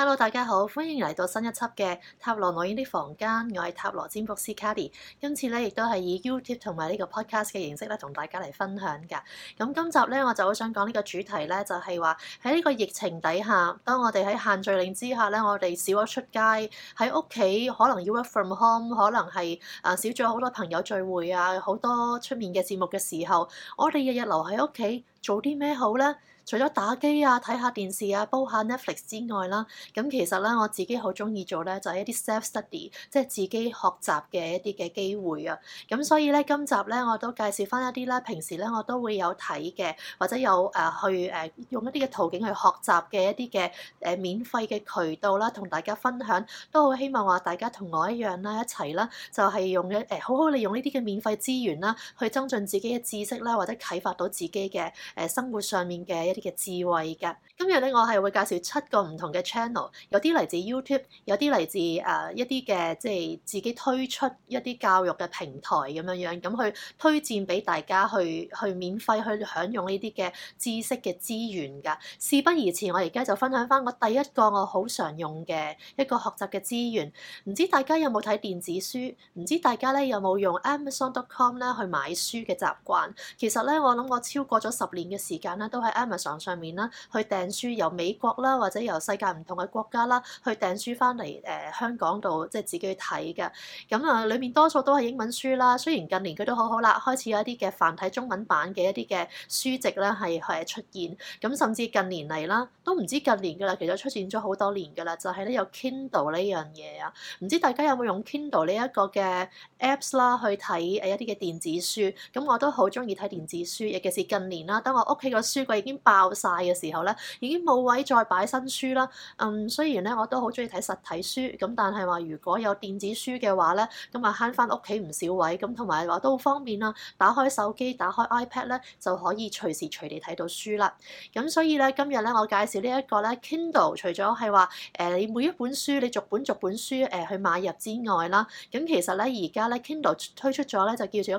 Hello，大家好，歡迎嚟到新一輯嘅塔羅內衣的房間，我係塔羅占卜師 Cady。今次咧，亦都係以 YouTube 同埋呢個 Podcast 嘅形式咧，同大家嚟分享㗎。咁今集咧，我就好想講呢個主題咧，就係話喺呢個疫情底下，當我哋喺限聚令之下咧，我哋少咗出街，喺屋企可能要 work from home，可能係啊少咗好多朋友聚會啊，好多出面嘅節目嘅時候，我哋日日留喺屋企做啲咩好咧？除咗打機啊、睇下電視啊、煲下 Netflix 之外啦，咁其實咧我自己好中意做咧，就係、是、一啲 self study，即係自己學習嘅一啲嘅機會啊。咁所以咧，今集咧我都介紹返一啲咧，平時咧我都會有睇嘅，或者有誒、啊、去誒、啊、用一啲嘅途徑去學習嘅一啲嘅誒免費嘅渠道啦，同大家分享，都好希望話大家同我一樣啦，一齊啦，就係、是、用一誒好好利用呢啲嘅免費資源啦，去增進自己嘅知識啦，或者啟發到自己嘅誒生活上面嘅嘅智慧嘅，今日咧我係會介紹七個唔同嘅 channel，有啲嚟自 YouTube，有啲嚟自誒一啲嘅即係自己推出一啲教育嘅平台咁樣樣，咁去推薦俾大家去去免費去享用呢啲嘅知識嘅資源噶。事不宜遲，我而家就分享翻我第一個我好常用嘅一個學習嘅資源。唔知大家有冇睇電子書？唔知大家咧有冇用 Amazon.com 咧去買書嘅習慣？其實咧我諗我超過咗十年嘅時間咧都係 Amazon。上面啦，去訂書由美國啦，或者由世界唔同嘅國家啦，去訂書翻嚟誒香港度，即係自己去睇嘅。咁、嗯、啊，裏面多數都係英文書啦。雖然近年佢都好好啦，開始有一啲嘅繁體中文版嘅一啲嘅書籍啦係係出現。咁、嗯、甚至近年嚟啦，都唔知近年噶啦，其實出現咗好多年噶啦，就係、是、咧有 Kindle 呢樣嘢啊。唔知大家有冇用 Kindle 呢一個嘅 Apps 啦，去睇誒一啲嘅電子書。咁、嗯、我都好中意睇電子書，尤其是近年啦，等我屋企個書櫃已經爆。爆曬嘅時候咧，已經冇位再擺新書啦。嗯，雖然咧我都好中意睇實體書，咁但係話如果有電子書嘅話咧，咁啊慳翻屋企唔少位，咁同埋話都好方便啦。打開手機、打開 iPad 咧就可以隨時隨地睇到書啦。咁所以咧今日咧我介紹呢一個咧 Kindle，除咗係話誒你每一本書你逐本逐本書誒、呃、去買入之外啦，咁其實咧而家咧 Kindle 推出咗咧就叫做一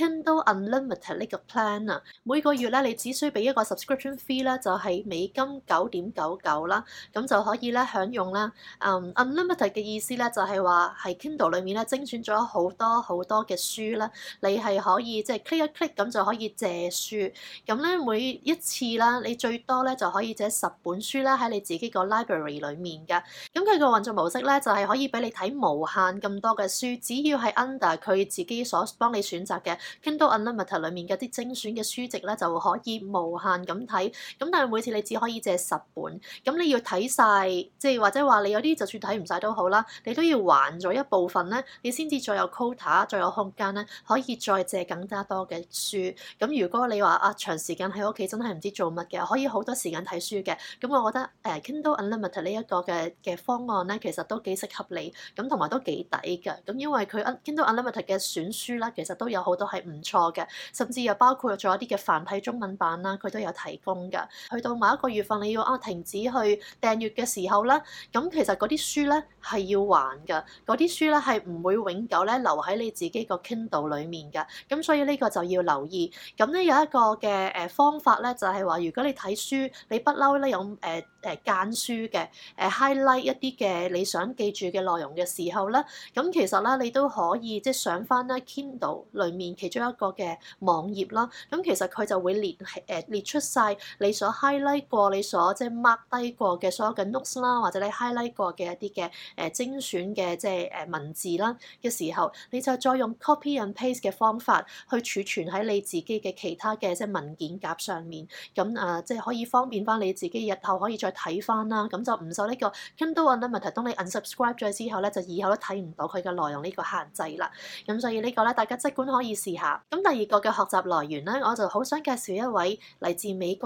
個 Kindle Unlimited 呢個 plan 啊，每個月咧你只需俾一個 subscription。fee 咧就係美金九點九九啦，咁就可以咧享用啦。嗯、um，unlimited 嘅意思咧就係話係 Kindle 裏面咧精選咗好多好多嘅書啦，你係可以即係、就是、click 一 click 咁就可以借書，咁咧每一次啦，你最多咧就可以借十本書啦，喺你自己個 library 裏面嘅。咁佢個運作模式咧就係可以俾你睇無限咁多嘅書，只要係 under 佢自己所幫你選擇嘅 Kindle unlimited 裏面嘅啲精選嘅書籍咧就可以無限咁睇。睇咁，但係每次你只可以借十本，咁你要睇晒，即係或者話你有啲就算睇唔晒都好啦，你都要還咗一部分咧，你先至再有 quota，再有空間咧，可以再借更加多嘅書。咁如果你話啊長時間喺屋企真係唔知做乜嘅，可以好多時間睇書嘅，咁我覺得誒 Kindle Unlimited 呢一個嘅嘅方案咧，其實都幾適合你，咁同埋都幾抵㗎。咁因為佢誒 Kindle Unlimited 嘅選書啦，其實都有好多係唔錯嘅，甚至又包括咗一啲嘅繁體中文版啦，佢都有睇。封噶，去到某一個月份你要啊停止去訂閱嘅時候咧，咁其實嗰啲書咧係要還噶，嗰啲書咧係唔會永久咧留喺你自己個 Kindle 裡面嘅。咁所以呢個就要留意。咁咧有一個嘅誒方法咧，就係話如果你睇書，你不嬲咧有誒誒間書嘅，誒 highlight 一啲嘅你想記住嘅內容嘅時候咧，咁其實咧你都可以即係、就是、上翻咧 Kindle 裡面其中一個嘅網頁啦，咁其實佢就會列誒列出曬。你所 highlight 過，你所即係 mark 低過嘅所有嘅 notes 啦，或者你 highlight 過嘅一啲嘅誒精選嘅即係誒文字啦嘅時候，你就再用 copy and paste 嘅方法去儲存喺你自己嘅其他嘅即係文件夾上面，咁啊即係可以方便翻你自己日後可以再睇翻啦。咁就唔受呢個 kindle unlimited 當你 unsubscribe 咗之後咧，就以後都睇唔到佢嘅內容呢個限制啦。咁所以呢個咧，大家即管可以試下。咁第二個嘅學習來源咧，我就好想介紹一位嚟自美國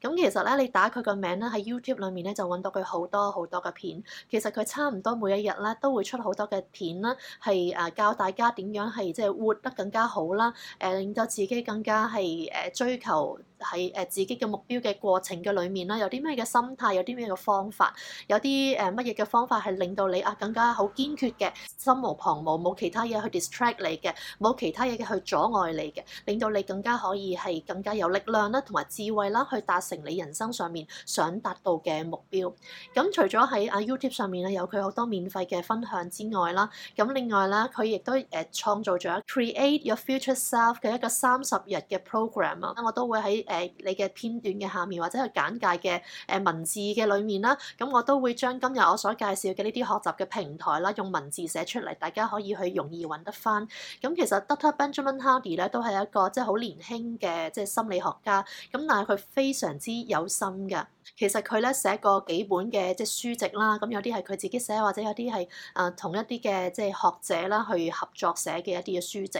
咁其實咧，你打佢個名咧喺 YouTube 裏面咧就揾到佢好多好多嘅片。其實佢差唔多每一日咧都會出好多嘅片啦，係誒教大家點樣係即係活得更加好啦，誒令到自己更加係誒追求喺誒自己嘅目標嘅過程嘅裏面啦。有啲咩嘅心態，有啲咩嘅方法，有啲誒乜嘢嘅方法係令到你啊更加好堅決嘅，心無旁騖，冇其他嘢去 distract 你嘅，冇其他嘢嘅去阻礙你嘅，令到你更加可以係更加有力量啦同埋智慧啦去達。成你人生上面想達到嘅目標。咁除咗喺啊 YouTube 上面咧，有佢好多免費嘅分享之外啦，咁另外咧，佢亦都誒創造咗 Create Your Future Self 嘅一個三十日嘅 program 啊。我都會喺誒你嘅片段嘅下面或者個簡介嘅誒文字嘅裡面啦。咁我都會將今日我所介紹嘅呢啲學習嘅平台啦，用文字寫出嚟，大家可以去容易揾得翻。咁其實 Doctor Benjamin Hardy 咧都係一個即係好年輕嘅即係心理學家。咁但係佢非常。之有心嘅，其實佢咧寫過幾本嘅即係書籍啦，咁有啲係佢自己寫，或者有啲係啊同一啲嘅即係學者啦去合作寫嘅一啲嘅書籍。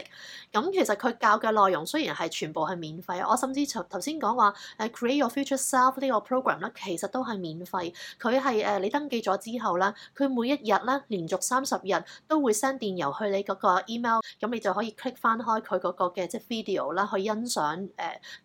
咁其實佢教嘅內容雖然係全部係免費，我甚至頭先講話誒 Create Your Future Self 呢個 program 啦，其實都係免費。佢係誒你登記咗之後啦，佢每一日咧連續三十日都會 send 電郵去你嗰個 email，咁你就可以 click 翻開佢嗰個嘅即係 video 啦，去欣賞誒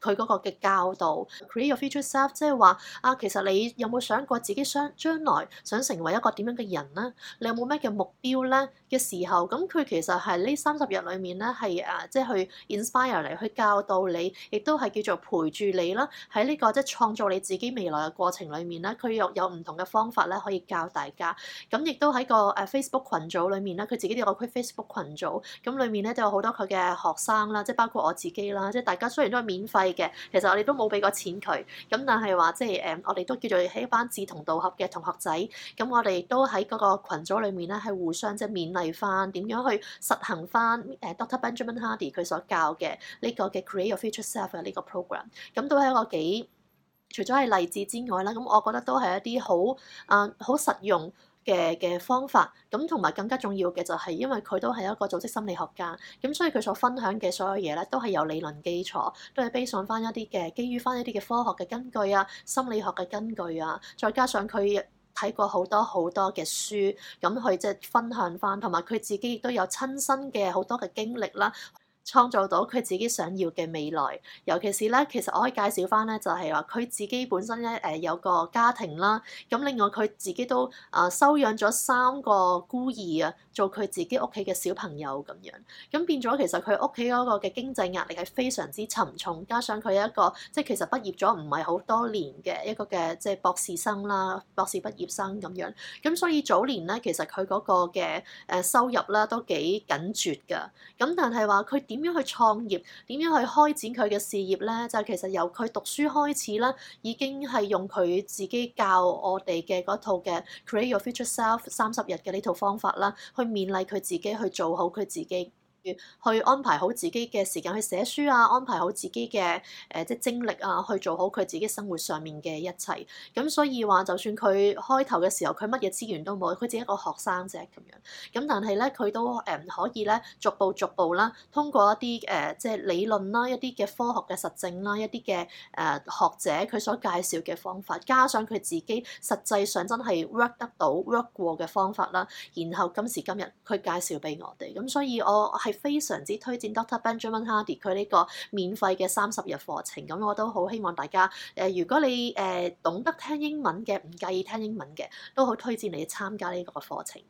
佢嗰個嘅教導 Create Your。即係話啊，其實你有冇想過自己想將來想成為一個點樣嘅人咧？你有冇咩嘅目標咧？嘅時候，咁佢其實係呢三十日裏面咧，係誒即係去 inspire 嚟去教導你，亦都係叫做陪住你啦。喺呢、這個即係、就是、創造你自己未來嘅過程裏面咧，佢又有唔同嘅方法咧可以教大家。咁亦都喺個誒 Facebook 群組裏面咧，佢自己都有個 Facebook 群組，咁裏面咧都有好多佢嘅學生啦，即係包括我自己啦，即係大家雖然都係免費嘅，其實我哋都冇俾過錢佢。咁但係話即係誒，我哋都叫做係一班志同道合嘅同學仔。咁我哋都喺嗰個羣組裏面咧，係互相即係、就是、免。嚟翻點樣去實行翻誒 Doctor Benjamin Hardy 佢所教嘅呢個嘅 Create Your Future Self 嘅呢個 program，咁都係一個幾除咗係勵志之外啦。咁我覺得都係一啲好啊好實用嘅嘅方法。咁同埋更加重要嘅就係因為佢都係一個組織心理學家，咁所以佢所分享嘅所有嘢咧都係有理論基礎，都係 base on 翻一啲嘅基於翻一啲嘅科學嘅根據啊、心理學嘅根據啊，再加上佢。睇過好多好多嘅書，咁佢即係分享翻，同埋佢自己亦都有親身嘅好多嘅經歷啦。創造到佢自己想要嘅未來，尤其是咧，其實我可以介紹返咧，就係話佢自己本身咧誒、呃、有個家庭啦，咁另外佢自己都啊、呃、收養咗三個孤兒啊，做佢自己屋企嘅小朋友咁樣。咁變咗其實佢屋企嗰個嘅經濟壓力係非常之沉重，加上佢一個即係其實畢業咗唔係好多年嘅一個嘅即係博士生啦，博士畢業生咁樣，咁所以早年咧其實佢嗰個嘅誒收入咧都幾緊絀㗎，咁但係話佢點樣去創業？點樣去開展佢嘅事業呢？就其實由佢讀書開始啦，已經係用佢自己教我哋嘅嗰套嘅 Create Your Future Self 三十日嘅呢套方法啦，去勉勵佢自己去做好佢自己。去安排好自己嘅時間去寫書啊，安排好自己嘅誒、呃、即係精力啊，去做好佢自己生活上面嘅一切。咁所以話就算佢開頭嘅時候佢乜嘢資源都冇，佢只係一個學生啫咁樣，咁但係咧，佢都誒、呃、可以咧逐步逐步啦，通過一啲誒、呃、即係理論啦，一啲嘅科學嘅實證啦，一啲嘅誒學者佢所介紹嘅方法，加上佢自己實際上真係 work 得到 work 過嘅方法啦，然後今時今日佢介紹俾我哋。咁所以我係。非常之推薦 Doctor Benjamin Hardy 佢呢個免費嘅三十日課程，咁我都好希望大家誒、呃，如果你誒、呃、懂得聽英文嘅，唔介意聽英文嘅，都好推薦你參加呢個課程。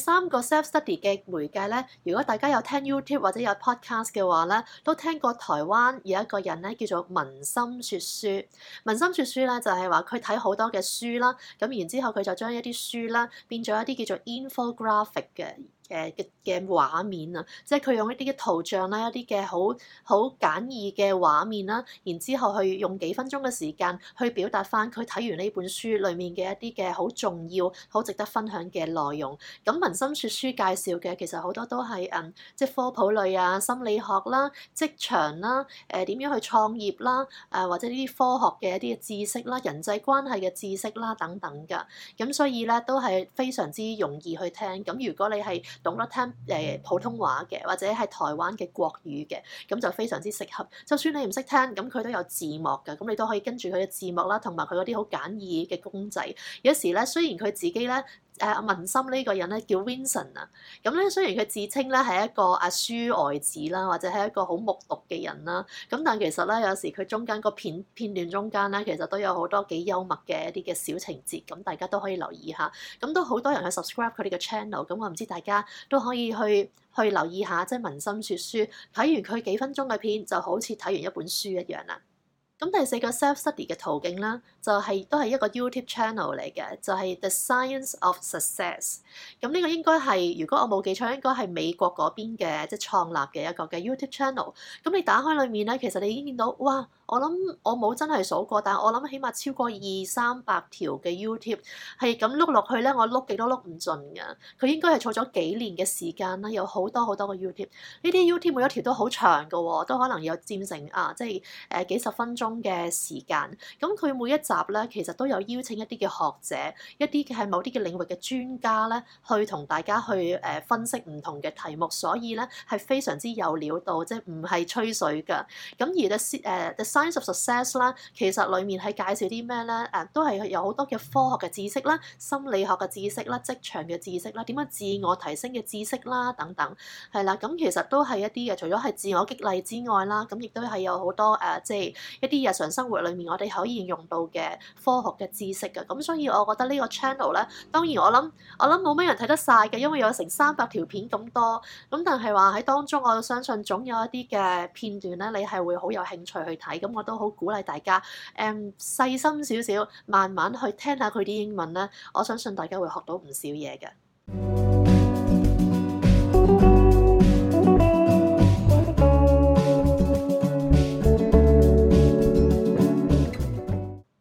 三個 self-study 嘅媒介咧，如果大家有聽 YouTube 或者有 podcast 嘅話咧，都聽過台灣有一個人咧叫做文心說書。文心說書咧就係話佢睇好多嘅書啦，咁然之後佢就將一啲書啦變咗一啲叫做 infographic 嘅。嘅嘅嘅畫面啊，即係佢用一啲嘅圖像啦，一啲嘅好好簡易嘅畫面啦，然之後去用幾分鐘嘅時間去表達翻佢睇完呢本書裡面嘅一啲嘅好重要、好值得分享嘅內容。咁文心説書介紹嘅其實好多都係嗯，即係科普類啊、心理學啦、職場啦、誒點樣去創業啦、誒、呃、或者呢啲科學嘅一啲知識啦、人際關係嘅知識啦等等㗎。咁所以咧都係非常之容易去聽。咁如果你係懂得聽誒普通話嘅，或者係台灣嘅國語嘅，咁就非常之適合。就算你唔識聽，咁佢都有字幕嘅，咁你都可以跟住佢嘅字幕啦，同埋佢嗰啲好簡易嘅公仔。有時咧，雖然佢自己咧。誒阿文心呢個人咧叫 Vincent 啊，咁咧雖然佢自稱咧係一個阿書呆子啦，或者係一個好木獨嘅人啦，咁但其實咧有時佢中間個片片段中間咧，其實都有好多幾幽默嘅一啲嘅小情節，咁大家都可以留意下。咁都好多人去 subscribe 佢哋個 channel，咁我唔知大家都可以去去留意下，即係文心説書睇完佢幾分鐘嘅片就好似睇完一本書一樣啦。咁第四個 self-study 嘅途徑啦，就係都係一個 YouTube channel 嚟嘅，就係 The Science of Success。咁呢個應該係如果我冇記錯，應該係美國嗰邊嘅即係創立嘅一個嘅 YouTube channel。咁你打開裡面咧，其實你已經見到哇～我諗我冇真係數過，但係我諗起碼超過二三百條嘅 YouTube 係咁碌落去咧，我碌幾多碌唔盡㗎。佢應該係儲咗幾年嘅時間啦，有好多好多個 YouTube。呢啲 YouTube 每一條都好長㗎，都可能有佔成啊，即係誒、呃、幾十分鐘嘅時間。咁、嗯、佢每一集咧，其實都有邀請一啲嘅學者，一啲嘅喺某啲嘅領域嘅專家咧，去同大家去誒、呃、分析唔同嘅題目，所以咧係非常之有料到，即係唔係吹水㗎。咁而咧誒、呃《Mind of Success》啦，其實裏面係介紹啲咩咧？誒都係有好多嘅科學嘅知識啦、心理學嘅知識啦、職場嘅知識啦、點樣自我提升嘅知識啦等等，係啦。咁其實都係一啲嘅，除咗係自我激勵之外啦，咁亦都係有好多誒即係一啲日常生活裏面我哋可以用到嘅科學嘅知識嘅。咁所以我覺得呢個 channel 咧，當然我諗我諗冇咩人睇得晒嘅，因為有成三百條片咁多，咁但係話喺當中，我相信總有一啲嘅片段咧，你係會好有興趣去睇咁。我都好鼓勵大家，誒、um，細心少少，慢慢去聽下佢啲英文咧。我相信大家會學到唔少嘢嘅。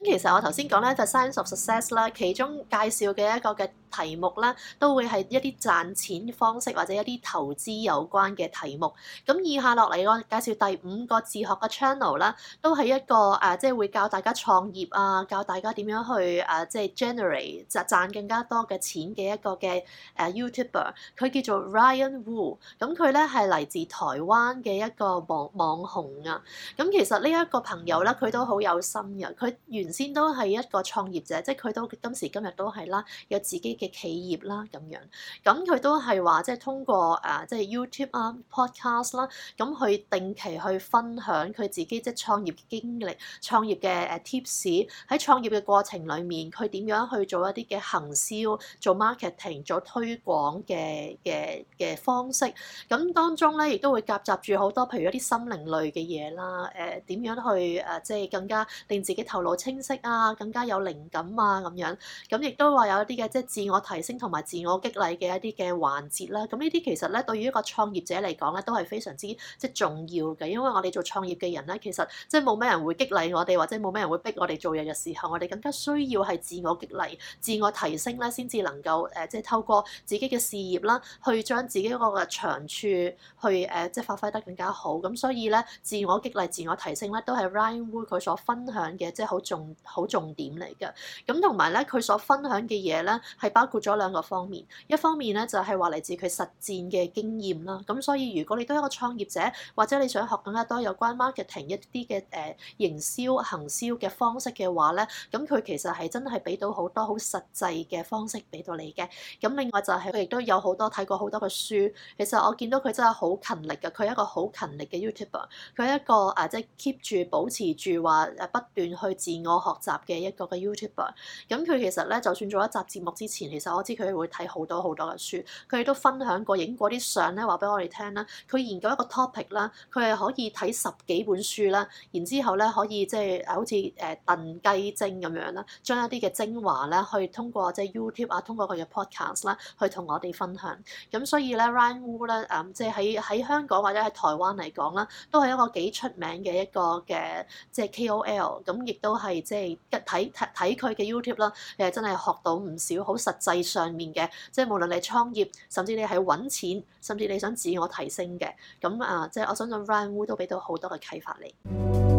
其實我頭先講咧就《Science of Success》啦，其中介紹嘅一個嘅題目啦，都會係一啲賺錢方式或者一啲投資有關嘅題目。咁以下落嚟我介紹第五個自學嘅 channel 啦，都係一個誒，即係會教大家創業啊，教大家點樣去誒，即係 generate 賺更加多嘅錢嘅一個嘅誒 YouTuber。佢叫做 Ryan Wu，咁佢咧係嚟自台灣嘅一個網網紅啊。咁其實呢一個朋友咧，佢都好有心嘅。佢原先都係一個創業者，即係佢都今時今日都係啦，有自己，嘅企業啦，咁樣，咁佢都係話即係通過誒，即、啊、係、就是、YouTube 啊、Podcast 啦、啊，咁去定期去分享佢自己即係創業經歷創業嘅誒 tips，喺創業嘅過程裏面，佢點樣去做一啲嘅行銷做 marketing、做推廣嘅嘅嘅方式，咁當中咧亦都會夾雜住好多，譬如一啲心靈類嘅嘢啦，誒、呃、點樣去誒即係更加令自己頭腦清晰啊，更加有靈感啊，咁樣，咁亦都話有一啲嘅即係。就是自我提升同埋自我激勵嘅一啲嘅環節啦，咁呢啲其實咧對於一個創業者嚟講咧都係非常之即係重要嘅，因為我哋做創業嘅人咧，其實即係冇咩人會激勵我哋，或者冇咩人會逼我哋做嘢嘅時候，我哋更加需要係自我激勵、自我提升咧，先至能夠誒即係透過自己嘅事業啦，去將自己 𠮶 個嘅長處去誒即係發揮得更加好。咁所以咧，自我激勵、自我提升咧都係 Ryan Wu 佢所分享嘅即係好重好重點嚟嘅。咁同埋咧，佢所分享嘅嘢咧係，包括咗兩個方面，一方面咧就係話嚟自佢實戰嘅經驗啦。咁所以如果你都係一個創業者，或者你想學更加多有關 marketing 一啲嘅誒營銷行銷嘅方式嘅話咧，咁佢其實係真係俾到好多好實際嘅方式俾到你嘅。咁另外就係佢亦都有好多睇過好多嘅書，其實我見到佢真係好勤力嘅，佢係一個好勤力嘅 YouTuber，佢係一個誒即係 keep 住保持住話誒不斷去自我學習嘅一個嘅 YouTuber。咁佢其實咧就算做一集節目之前。其實我知佢會睇好多好多嘅書，佢哋都分享過影過啲相咧，話俾我哋聽啦。佢研究一個 topic 啦，佢係可以睇十幾本書啦，然之後咧可以即係好似誒燉雞精咁樣啦，將一啲嘅精華咧，去通過即係 YouTube 啊，通過佢嘅 podcast 啦，去同我哋分享。咁所以咧，Ryan Wu 咧，誒即係喺喺香港或者喺台灣嚟講啦，都係一個幾出名嘅一個嘅即係 KOL。咁亦都係即係睇睇睇佢嘅 YouTube 啦，誒真係學到唔少好實制上面嘅，即係無論你創業，甚至你係揾錢，甚至你想自我提升嘅，咁啊，即係我想做 Runway 都俾到好多嘅啟發你。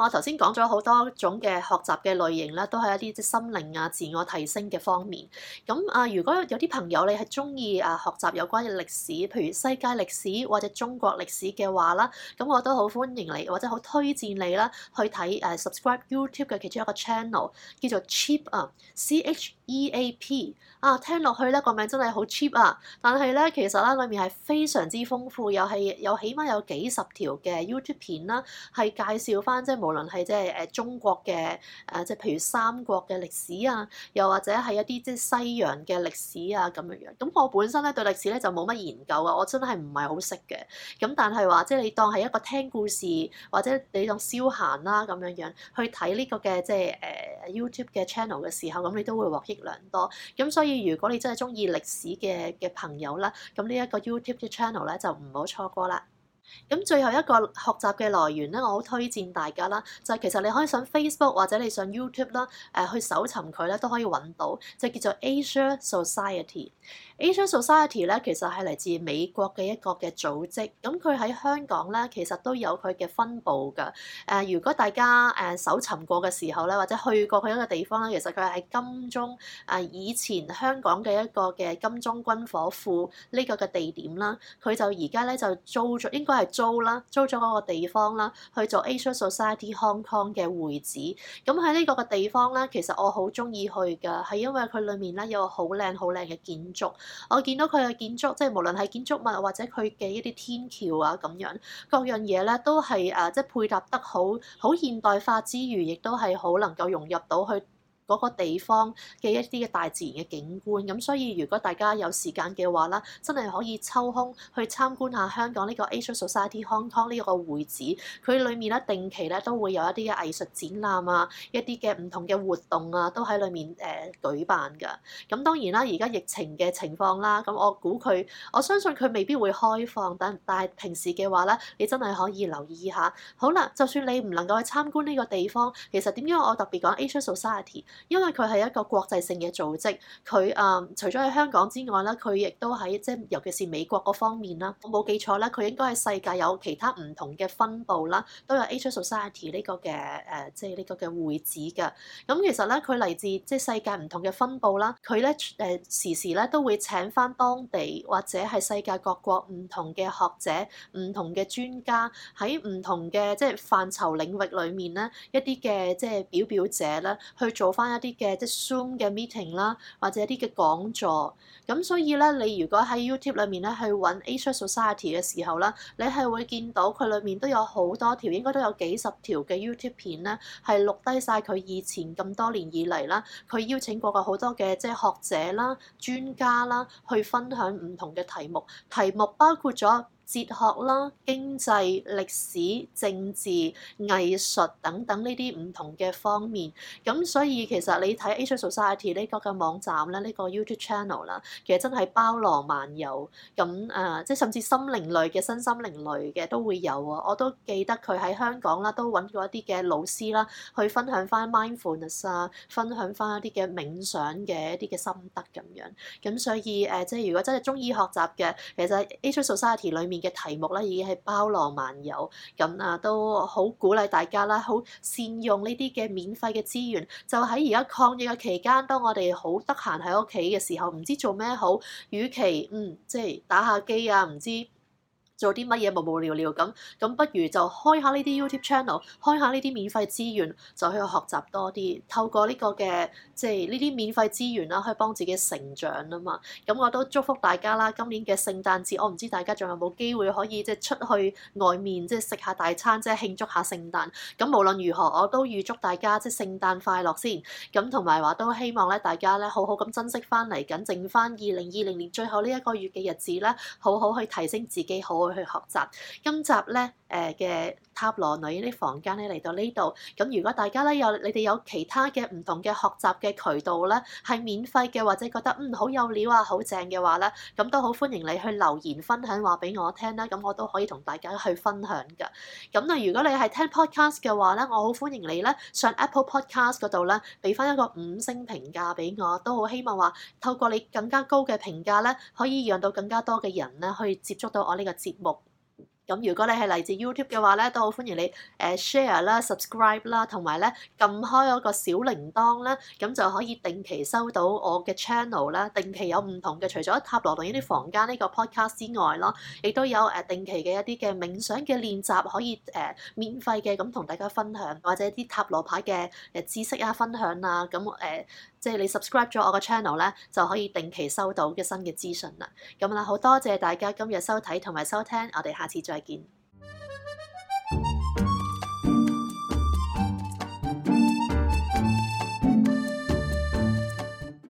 我頭先講咗好多種嘅學習嘅類型咧，都係一啲即心靈啊、自我提升嘅方面。咁啊，如果有啲朋友你係中意啊學習有關嘅歷史，譬如世界歷史或者中國歷史嘅話啦，咁我都好歡迎你，或者好推薦你啦去睇誒、uh, Subscribe YouTube 嘅其中一個 channel 叫做 Cheap 啊，C H E A P。啊，聽落去咧個名真係好 cheap 啊！但係咧其實咧裏面係非常之豐富，又係有起碼有幾十條嘅 YouTube 片啦，係介紹翻即係無論係即係誒中國嘅誒、啊、即係譬如三國嘅歷史啊，又或者係一啲即係西洋嘅歷史啊咁樣樣。咁我本身咧對歷史咧就冇乜研究啊，我真係唔係好識嘅。咁但係話即係你當係一個聽故事或者你當消閒啦，咁樣樣去睇呢個嘅即係誒、啊、YouTube 嘅 channel 嘅時候，咁你都會獲益良多。咁所以。如果你真係鍾意歷史嘅朋友啦，咁呢一個 YouTube channel 咧就唔好錯過啦。咁最後一個學習嘅來源咧，我好推薦大家啦，就係、其實你可以上 Facebook 或者你上 YouTube 啦，誒去搜尋佢咧都可以揾到，就叫做 Asia Society。Asia Society 咧其實係嚟自美國嘅一個嘅組織，咁佢喺香港咧其實都有佢嘅分部噶。誒，如果大家誒搜尋過嘅時候咧，或者去過佢一個地方咧，其實佢係喺金鐘誒以前香港嘅一個嘅金鐘軍火庫呢個嘅地點啦，佢就而家咧就租咗應該。都係租啦，租咗嗰個地方啦，去做 Asia Society Hong Kong 嘅會址。咁喺呢個嘅地方咧，其實我好中意去㗎，係因為佢裏面咧有好靚好靚嘅建築。我見到佢嘅建築，即係無論係建築物或者佢嘅一啲天橋啊，咁樣各樣嘢咧都係誒，即係配搭得好好現代化之餘，亦都係好能夠融入到去。嗰個地方嘅一啲嘅大自然嘅景觀，咁所以如果大家有時間嘅話啦，真係可以抽空去參觀下香港呢個 Asia Society Hong Kong 呢個會址。佢裡面咧定期咧都會有一啲嘅藝術展覽啊，一啲嘅唔同嘅活動啊，都喺裡面誒、呃、舉辦㗎。咁當然啦，而家疫情嘅情況啦，咁我估佢我相信佢未必會開放，但但係平時嘅話咧，你真係可以留意下。好啦，就算你唔能夠去參觀呢個地方，其實點解我特別講 Asia Society？因為佢係一個國際性嘅組織，佢誒、呃、除咗喺香港之外咧，佢亦都喺即係尤其是美國嗰方面啦。我冇記錯咧，佢應該係世界有其他唔同嘅分部啦，都有 Asia Society 呢個嘅誒，即係呢個嘅會址嘅。咁、嗯、其實咧，佢嚟自即係世界唔同嘅分部啦，佢咧誒時時咧都會請翻當地或者係世界各國唔同嘅學者、唔同嘅專家喺唔同嘅即係範疇領域裡面咧一啲嘅即係表表者咧去做翻。一啲嘅即係 Zoom 嘅 meeting 啦，或者一啲嘅講座，咁所以咧，你如果喺 YouTube 裏面咧去揾 Asia Society 嘅時候咧，你係會見到佢裏面都有好多條，應該都有幾十條嘅 YouTube 片咧，係錄低晒佢以前咁多年以嚟啦，佢邀請過過好多嘅即係學者啦、專家啦，去分享唔同嘅題目，題目包括咗。哲學啦、經濟、歷史、政治、藝術等等呢啲唔同嘅方面，咁所以其實你睇 Asia Society 呢個嘅網站咧，呢、呢個 YouTube channel 啦，其實真係包羅萬有。咁誒、呃，即係甚至心靈類嘅、身心靈類嘅都會有啊！我都記得佢喺香港啦，都揾過一啲嘅老師啦，去分享翻 mindfulness 啊，分享翻一啲嘅冥想嘅一啲嘅心得咁樣。咁所以誒、呃，即係如果真係中意學習嘅，其實 Asia Society 裏面嘅題目咧已經係包羅萬有咁啊，都好鼓勵大家啦，好善用呢啲嘅免費嘅資源，就喺而家抗疫嘅期間，當我哋好得閒喺屋企嘅時候，唔知做咩好，與其嗯即係、就是、打下機啊，唔知。做啲乜嘢無無聊聊咁咁，不如就開下呢啲 YouTube channel，開下呢啲免費資源，就去學習多啲。透過呢個嘅即係呢啲免費資源啦，去幫自己成長啊嘛。咁我都祝福大家啦，今年嘅聖誕節，我唔知大家仲有冇機會可以即係出去外面即係食下大餐即係，慶祝下聖誕。咁無論如何，我都預祝大家即係聖誕快樂先。咁同埋話都希望咧，大家咧好好咁珍惜翻嚟緊剩翻二零二零年最後呢一個月嘅日子啦，好好去提升自己可。會去學習今集咧，誒嘅塔羅女呢房間咧嚟到呢度咁，如果大家咧有你哋有其他嘅唔同嘅學習嘅渠道咧，係免費嘅或者覺得嗯好有料啊，好正嘅話咧，咁都好歡迎你去留言分享話俾我聽啦。咁我都可以同大家去分享㗎。咁啊，如果你係聽 podcast 嘅話咧，我好歡迎你咧上 Apple Podcast 度咧俾返一個五星評價俾我，都好希望話透過你更加高嘅評價咧，可以讓到更加多嘅人咧去接觸到我呢個節目。咁如果你係嚟自 YouTube 嘅話咧，都好歡迎你誒 share 啦、subscribe 啦，同埋咧撳開嗰個小鈴鐺啦，咁就可以定期收到我嘅 channel 啦。定期有唔同嘅，除咗塔羅同呢啲房間呢個 podcast 之外咯，亦都有誒定期嘅一啲嘅冥想嘅練習可以誒免費嘅咁同大家分享，或者啲塔羅牌嘅誒知識啊、分享啊，咁誒。呃即係你 subscribe 咗我個 channel 咧，就可以定期收到嘅新嘅資訊啦。咁啦，好多謝大家今日收睇同埋收聽，我哋下次再見。